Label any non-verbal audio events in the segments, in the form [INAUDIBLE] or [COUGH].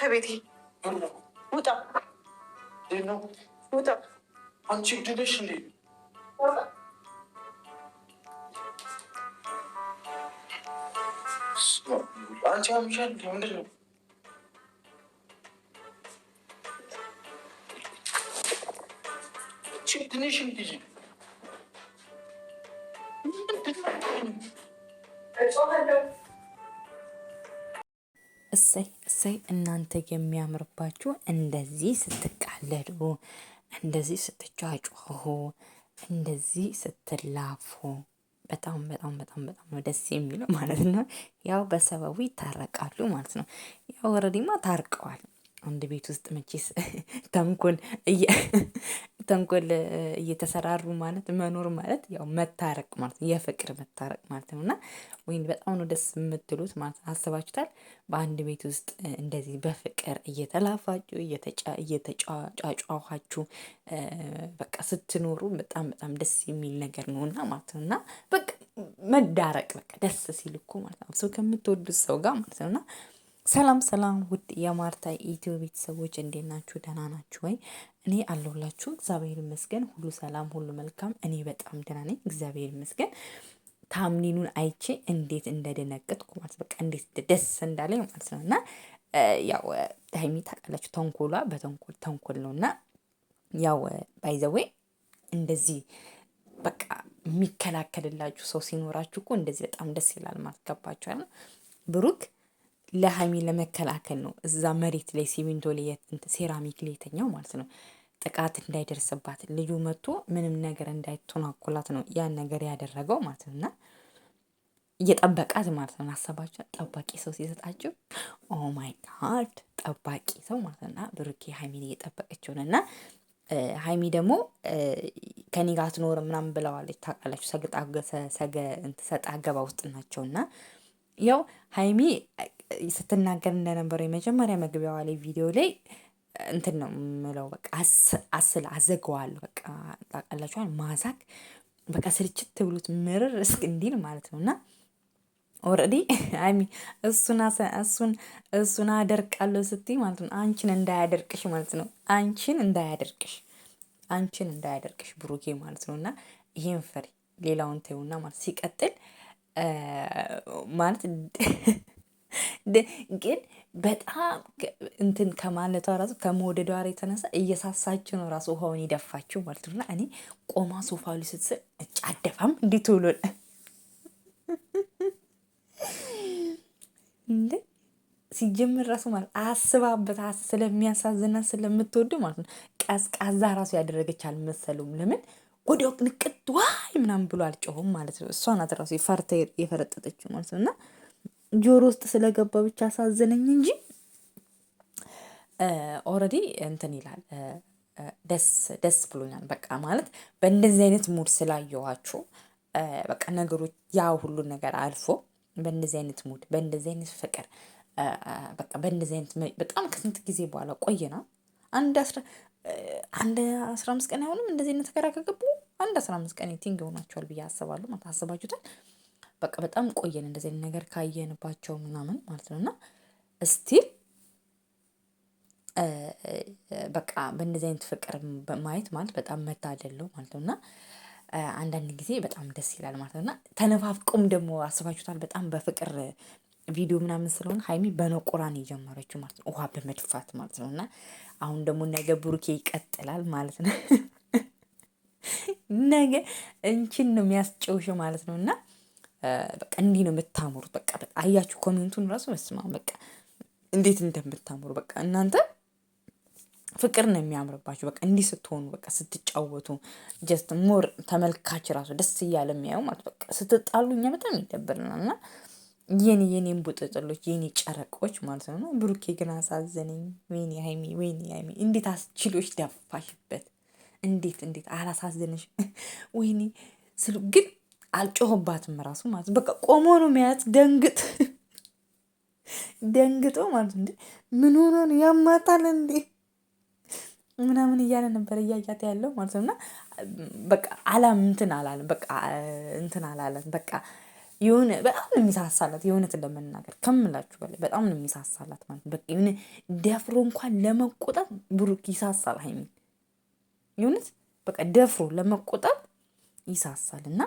ከቤቴ ውጣ ነው ውጣ። አንቺ ድነሽ እንዴ? አንቺ አምሻል ምንድን ነው? ትንሽ እንዲህ ምንድን ነው? እሰይ እሰይ እናንተ የሚያምርባችሁ እንደዚህ ስትቃለዱ፣ እንደዚህ ስትጫጮሁ፣ እንደዚህ ስትላፉ በጣም በጣም በጣም በጣም ነው ደስ የሚለው ማለት ነው። ያው በሰበቡ ይታረቃሉ ማለት ነው። ያው ወረዲማ ታርቀዋል። አንድ ቤት ውስጥ መቼስ ተንኮል ተንኮል እየተሰራሩ ማለት መኖር ማለት ያው መታረቅ ማለት ነው። የፍቅር መታረቅ ማለት ነው እና ወይም በጣም ነው ደስ የምትሉት ማለት አስባችሁታል። በአንድ ቤት ውስጥ እንደዚህ በፍቅር እየተላፋችሁ እየተጫጫኋችሁ በቃ ስትኖሩ በጣም በጣም ደስ የሚል ነገር ነውና ማለት ነው እና በቃ መዳረቅ በቃ ደስ ሲል እኮ ማለት ነው ሰው ከምትወዱት ሰው ጋር ማለት ነው እና ሰላም ሰላም፣ ውድ የማርታ ኢትዮ ቤተሰቦች እንዴት ናችሁ? ደህና ናችሁ ወይ? እኔ አለሁላችሁ። እግዚአብሔር ይመስገን፣ ሁሉ ሰላም፣ ሁሉ መልካም። እኔ በጣም ደህና ነኝ፣ እግዚአብሔር ይመስገን። ታምኒኑን አይቼ እንዴት እንደደነገጥኩ ማለት በቃ እንዴት ደስ እንዳለኝ ማለት ነው። እና ያው ሀይሚ ታውቃላችሁ፣ ተንኮሏ በተንኮል ተንኮል ነው እና ያው ባይዘዌ እንደዚህ በቃ የሚከላከልላችሁ ሰው ሲኖራችሁ እኮ እንደዚህ በጣም ደስ ይላል። ማስገባችኋል ብሩክ ለሀይሚ ለመከላከል ነው እዛ መሬት ላይ ሲሚንቶ ላይ ሴራሚክ ላይ የተኛው ማለት ነው። ጥቃት እንዳይደርስባት ልዩ መጥቶ ምንም ነገር እንዳይተናኮላት ነው ያን ነገር ያደረገው ማለት ነው። እና እየጠበቃት ማለት ነው። አሰባቸው ጠባቂ ሰው ሲሰጣቸው ኦ ማይ ጋድ ጠባቂ ሰው ማለት ነው። እና ብሩኬ ሀይሚን እየጠበቀችው ነው እና ሀይሚ ደግሞ ከኔ ጋር ትኖር ምናምን ብለዋለች። ታውቃላችሁ ሰገ ሰጣ አገባ ውስጥ ናቸው እና ያው ሀይሚ ስትናገር እንደነበረው የመጀመሪያ መግቢያዋ ላይ ቪዲዮ ላይ እንትን ነው የምለው። በቃ አስል አዘገዋለሁ። በቃ ታውቃላችኋል፣ ማሳክ በቃ ስልችት ትብሉት ምርር እስክ እንዲል ማለት ነው እና ኦልሬዲ [LAUGHS] አይሚ እሱን እሱን እሱን አደርቃለሁ ስትይ ማለት ነው አንቺን እንዳያደርቅሽ ማለት ነው። አንቺን እንዳያደርቅሽ አንቺን እንዳያደርቅሽ ብሩኬ ማለት ነው እና ይሄን ፈሪ ሌላውን ተይውና ማለት ሲቀጥል ማለት ግን በጣም እንትን ከማለቷ ራሱ ከመወደዷ የተነሳ እየሳሳችው ነው ራሱ ውሃውን ይደፋችው ማለት ነው። እኔ ቆማ ሶፋ ላይ ስትስል አደፋም እንዲህ ትውሎል [LAUGHS] እንደ ሲጀምር ራሱ ማለት አስባበት ስለሚያሳዝና ስለምትወዱ ማለት ነው። ቀዝቃዛ ራሱ ያደረገች አልመሰሉም። ለምን ወዲያው ንቅት ዋይ ምናምን ብሎ አልጮሁም ማለት ነው። እሷ ናት ራሱ ፈርታ የፈረጠጠችው ማለት ነው እና ጆሮ ውስጥ ስለገባ ብቻ አሳዘነኝ እንጂ ኦልሬዲ እንትን ይላል ደስ ደስ ብሎኛል። በቃ ማለት በእንደዚህ አይነት ሙድ ስላየኋችሁ በቃ ነገሮች ያ ሁሉ ነገር አልፎ በእንደዚህ አይነት ሙድ በእንደዚህ አይነት ፍቅር በቃ በእንደዚህ አይነት በጣም ከስንት ጊዜ በኋላ ቆይ ነው አንድ አስራ አንድ አስራ አምስት ቀን አይሆንም እንደዚህ አይነት ተከራከገቡ አንድ አስራ አምስት ቀን ቲንግ ይሆናቸዋል ብዬ አስባለሁ። ማታ አስባችሁታል። በቃ በጣም ቆየን እንደዚህ አይነት ነገር ካየንባቸው ምናምን ማለት ነው እና እስቲል በቃ በእንደዚህ አይነት ፍቅር ማየት ማለት በጣም መታደል ነው ማለት ነው እና አንዳንድ ጊዜ በጣም ደስ ይላል ማለት ነው እና ተነፋፍቆም ደግሞ አስባችሁታል። በጣም በፍቅር ቪዲዮ ምናምን ስለሆነ ሀይሚ በነቁራን የጀመረችው ማለት ነው ውሃ በመድፋት ማለት ነው እና አሁን ደግሞ ነገ ብሩኬ ይቀጥላል ማለት ነው ነገ እንችን ነው የሚያስጨውሽ ማለት ነው እና በቃ እንዲህ ነው የምታምሩት። በቃ አያችሁ ኮሜንቱን ራሱ መስማ በቃ እንዴት እንደምታምሩ በቃ እናንተ ፍቅር ነው የሚያምርባችሁ። በቃ እንዲህ ስትሆኑ በቃ ስትጫወቱ ጀስት ሞር ተመልካች ራሱ ደስ እያለ የሚያዩ ማለት በቃ ስትጣሉ እኛ በጣም ይደብርናል። እና የኔ የኔን ቡጥጥሎች የኔ ጨረቆች ማለት ነው። ብሩኬ ግን አሳዘነኝ። ወይኔ ሀይሚ፣ ወይኔ ሀይሚ እንዴት አስችሎች ደፋሽበት! እንዴት እንዴት አላሳዘነሽ? ወይኔ ስሉ ግን አልጮህባትም ራሱ ማለት በቃ ቆሞ ነው ሚያያት ደንግጥ [LAUGHS] ደንግጦ ማለት እንዴ ምን ሆኖ ነው ያማታል እንዴ ምናምን እያለ ነበር እያያት ያለው ማለት ነው። እና በቃ አላም እንትን አላለም በቃ እንትን አላለም በቃ የሆነ በጣም ነው የሚሳሳላት የእውነት ለመናገር ከምላችሁ በላይ በጣም ነው የሚሳሳላት ማለት በቃ የሆነ ደፍሮ እንኳን ለመቆጣት ብሩክ ይሳሳል ሀይሚን የእውነት በቃ ደፍሮ ለመቆጣት ይሳሳል እና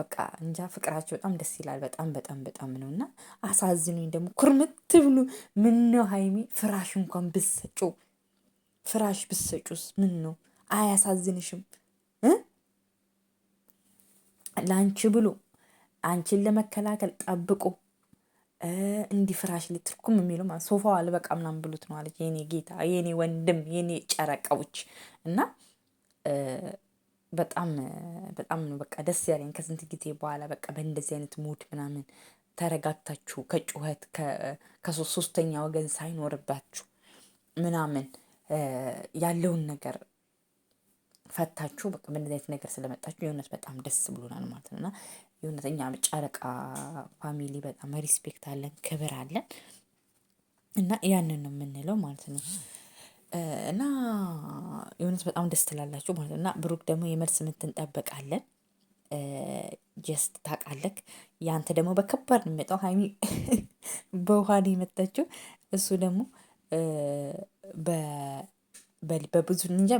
በቃ እንጃ ፍቅራቸው በጣም ደስ ይላል። በጣም በጣም በጣም ነው እና አሳዝኑኝ ደግሞ ኩርምት ብሉ። ምን ነው ሀይሚ ፍራሽ እንኳን ብሰጩ ፍራሽ ብሰጩስ ምን ነው አያሳዝንሽም? ለአንቺ ብሎ አንቺን ለመከላከል ጠብቁ። እንዲህ ፍራሽ ልትርኩም የሚሉ ሶፋው አልበቃ ምናምን ብሉት ነው አለች። የኔ ጌታ፣ የኔ ወንድም፣ የኔ ጨረቃዎች እና በጣም በጣም ነው በቃ ደስ ያለኝ ከስንት ጊዜ በኋላ በቃ በእንደዚህ አይነት ሙድ ምናምን ተረጋግታችሁ ከጩኸት ከሶስተኛ ወገን ሳይኖርባችሁ ምናምን ያለውን ነገር ፈታችሁ በቃ በእንደዚህ አይነት ነገር ስለመጣችሁ የእውነት በጣም ደስ ብሎናል ማለት ነው እና እኛ ጨረቃ ፋሚሊ በጣም ሪስፔክት አለን፣ ክብር አለን እና ያንን ነው የምንለው ማለት ነው። እና የእውነት በጣም ደስ ትላላችሁ ማለት ነው። እና ብሩክ ደግሞ የመልስ ምት እንጠብቃለን። ጀስት ታውቃለህ፣ ያንተ ደግሞ በከባድ ነው የሚመጣው። ሀይሚ [LAUGHS] በውሃ ነው የመጣችው፣ እሱ ደግሞ በብዙ እንጃ።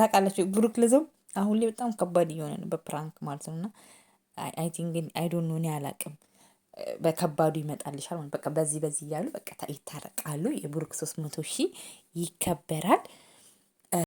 ታውቃላችሁ ብሩክ ለዘው አሁን ላይ በጣም ከባድ እየሆነ ነው፣ በፕራንክ ማለት ነው። እና አይ ቲንክ አይ ዶንት ኖ እኔ አላውቅም በከባዱ ይመጣልሻል ማለት በቃ በዚህ በዚህ እያሉ በቃ ይታረቃሉ። የብሩክ ሶስት መቶ ሺህ ይከበራል።